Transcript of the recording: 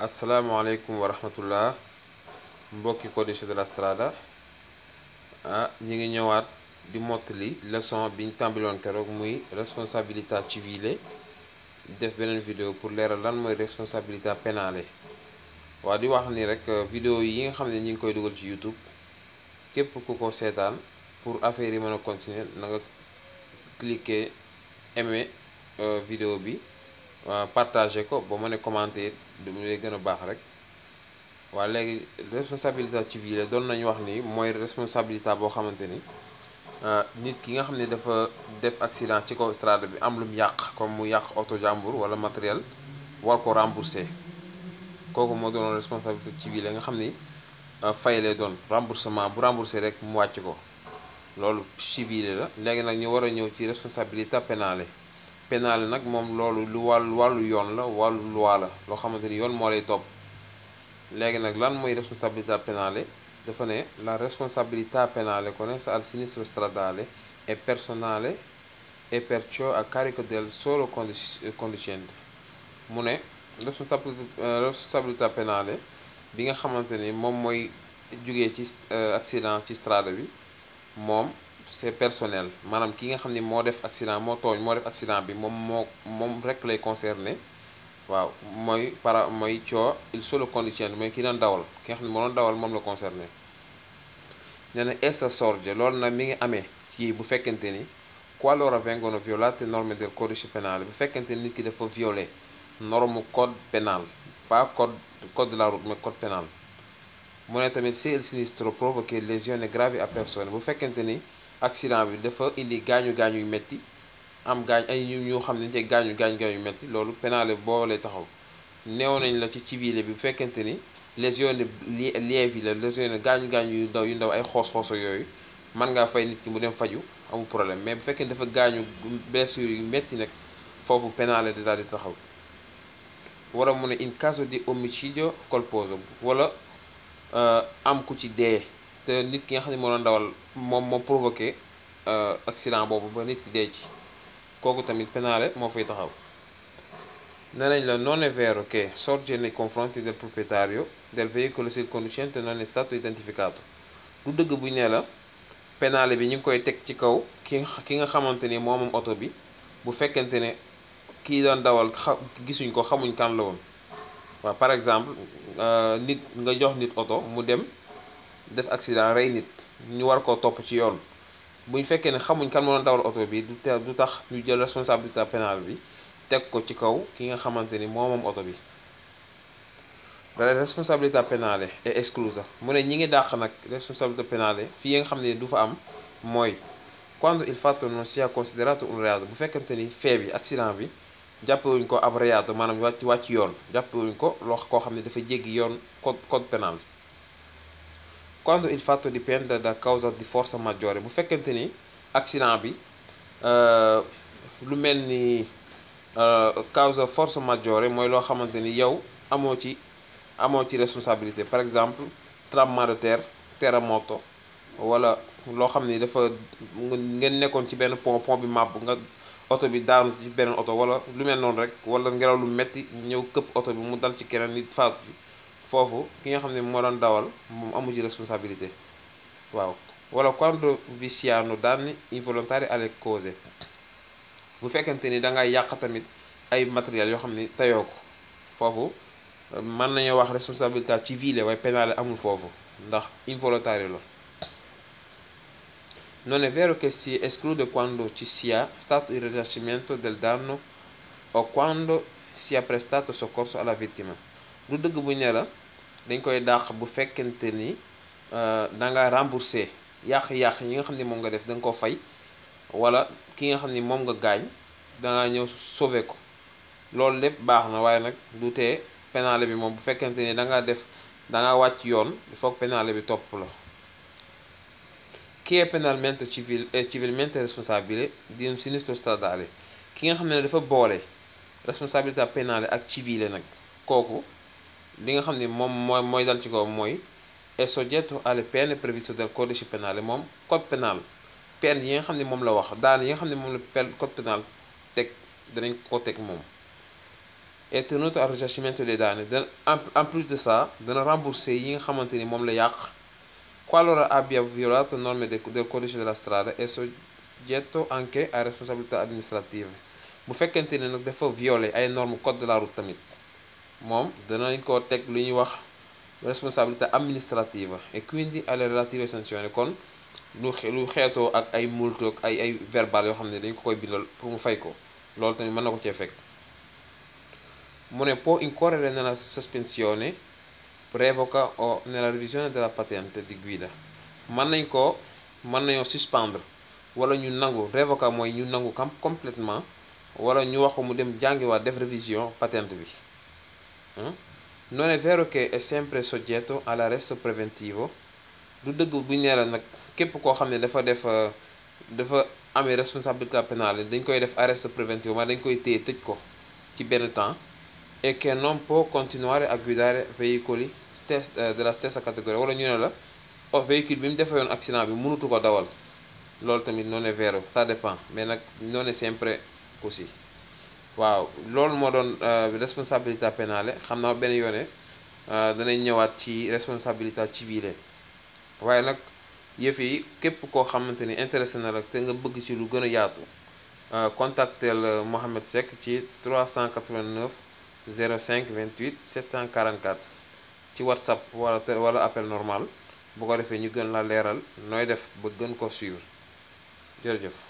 asalaamaaleykum wa rahmatullah mbokki codice de la strada ah ñi ngi ñëwaat di mottali leçon biñ tàmbaloon keroog muy ci civile def beneen vidéo pour leeral lan mooy responsabilité pénale waa di wax ni rek euh, video yi nga xam ne ñu ngi koy dugal ci YouTube képp ku ko seetaan pour affaire yi mën a continuer na nga cliquer aimer euh, vidéo bi partager ko ba mën a commenter it du lay gën a baax rek waa léegi responsabilité civile doon nañu wax ni mooy responsabilité boo xamante ni euh, nit ki nga xam ne dafa def accident ci kaw strade bi am lu mu yàq comme mu yàq oto jàmbur wala matériel war ko rembourser kooku moo doonoon responsabilité civile nga xam ni euh, fay lay doon remboursement bu remboursé rek mu wàcc ko loolu civile la léegi nag ñu war a ñëw ci responsabilité pénale pénal nag moom loolu lu wàllu yoon la wàllu loi la loo xamante ni yoon moo lay topp léegi nag lan mooy responsabilità penale dafa ne la responsabilità penale connessa al sinistro stradale è e personale e perciò a carico del solo conducente mu ne responsabilità euh, penale bi nga xamante ni moom mooy jugee ci euh, accident ci strada bi moom c'est personnel maanaam ki nga xam ne moo def accident moo tooñ moo def accident bi moom moo moom rek lay concerné waaw mooy para mooy coo il solo condition mooy ki doon dawal ki nga xam ne moo doon dawal moom la concerné nee na essa sorge loolu nag mi ngi amee ci bu fekkente ni qualora vengono violate norme del codice pénal bu fekkente ni nit ki dafa violé norme code pénal pas code code de la route mais code pénal mu ne tamit si il sinistro provoqué lésion grave à personne bu fekkente ni accident bi dafa indi gaañu gaañu yu métti am gaañ ay ñu ñoo xam ne dañ gaañu gaañu yu métti loolu pénal boo lay taxaw néew nañ la ci civil bi bu fekkente ni lésion de lièvre yi la lésion de gaañu gaañu yu ndaw yu ndaw ay xoos-xooso yooyu mën ngaa fay nit ki mu dem faju amul problème mais bu fekkee dafa gaañu blessure yu metti nag foofu pénal di daal di taxaw war a mun a in caso di omicidio colposo wala euh, am ku ci dee. te nit ki nga xam ne moom moo provoqué euh, accident boobu ba nit kooku tamit pénale moo fay taxaw nee nañ la non è vero che sorge nei confronti del proprietario del veicolo circonducente non è dëgg bu nee la pénale bi ñu ngi koy teg ci kaw ki nga xamante ni moo moom oto bi bu fekkente ne kii doon dawal gisuñ ko xamuñ kan la woon par exemple euh, nit nga jox nit oto mu dem def accident rey nit ñu war koo topp ci yoon bu ñu fekkee ne xamuñ kan moo doon dawal oto bi du te du tax ñu jël responsabilité pénale bi teg ko ci kaw ki nga xamante ni moo moom oto bi la responsabilité pénale est exclusa mu ne ñi ngi dàq nag responsabilité pénale fii yi nga xam ne du fa am mooy quando il fatto non sia considerato un reato bu fekkante ni fee yi accident bi jàppewuñ ko ab reato maanaam wàcc wàcc yoon jàppewuñ ko loo koo xam ne dafa jéggi yoon code code pénal quando il fatto dipende da causa di forza maggiore bu fekkente ni accident bi euh, lu mel ni euh, causa force majeure mooy loo xamante ni yow amoo ci amoo ci responsabilité par exemple tremblement de terre terremoto wala loo xam ni dafa ngeen nekkoon ci benn pont pont bi màbb nga oto bi daanu ci beneen oto wala lu mel noonu rek wala ngelaw lu metti ñëw këpp oto bi mu dal ci keneen nit faatu bi foofu ki nga xam ne moo doon dawal moom amul ci responsabilité waaw wala quando viciano danni involontari alle cause bu fekkente ni dangay yàq tamit ay matériels yoo xam ne teyoo ko foofu mën nañu wax ci civile waaye pénale amul foofu ndax involontario la non è vero che si esclude quando ci sia stato il risarcimento del danno o quando sia prestato soccorso alla vittima du dëgg bu ñu la dañ koy dàq bu fekkente ni euh, da nga remboursé yàq-yàq yi nga xam ne moom nga def danga nga ko fay wala ki nga xam ni moom nga gaañ da ñëw sove ko loolu lépp baax na waaye nag du te pénale bi moom bu fekkente ni da nga def da nga wàcc yoon il faut que bi topp la chi è penalmente civil e civilmente responsabile di un sinistro ki nga xam ne dafa boole responsabilità penale ak civile nag kooku li nga xam ni moom mooy mooy dal ci kawam mooy est sujeto alle peine previste del codice pénal moom code pénal peine yi nga xam ne moom la wax daan yi nga xam ne moom la peine code pénal teg danañ ko teg moom et tenuto al risarcimento des danni dana en plus de ça dana rembourser yi xamante ni moom la yàq qualora abbia violato norme del codice della strada è soggetto anche a responsabilità amministrative bu fekkente ne nag dafa violer ay normes code de la route tamit moom danañ ko teg lu ñuy wax responsabilité administrative et quindi alle relative sanzioni kon lu lu xeetoo ak ay multoog ay ay verbal yoo xam ne dañ ko koy bindal pour mu fay ko loolu tamit mën na ko cee fekk mu ne può incorrere nella sospensione revoca o nella revisione della patente di guida mën nañ ko mën nañoo suspendre wala ñu nangu révoca mooy ñu nangu kam complètement wala ñu wax ko mu dem jàngiwaat def révision patente bi non è vero che è sempre soggetto all'arresto preventivo lu dëgg bu ñu nee la nag képp koo xam ne dafa def dafa amee responsabilità penale dañ koy def arresto preventivo ma dañ koy téye tëj ko ci benn temps e che non può continuare a guidare veicoli stessa euh, della stessa categoria wala ñu ne la o oh, véhicule bi mu defee yoon accident bi mënutu ko dawal loolu tamit non vero ça dépend mais nag non è sempre così waaw loolu moo doon euh, responsabilité pénale xam naa benn yoone euh, danañ ñëwaat ci ci civile waaye nag yëf yi képp koo xamante ni intéressé na la te nga bëgg ci lu gën a yaatu euh, contactel Mohamed Seck ci 389 05 28 744 ci whatsapp wala wala appel normal bu ko defee ñu gën la leeral nooy def ba gën ko suivre jërëjëf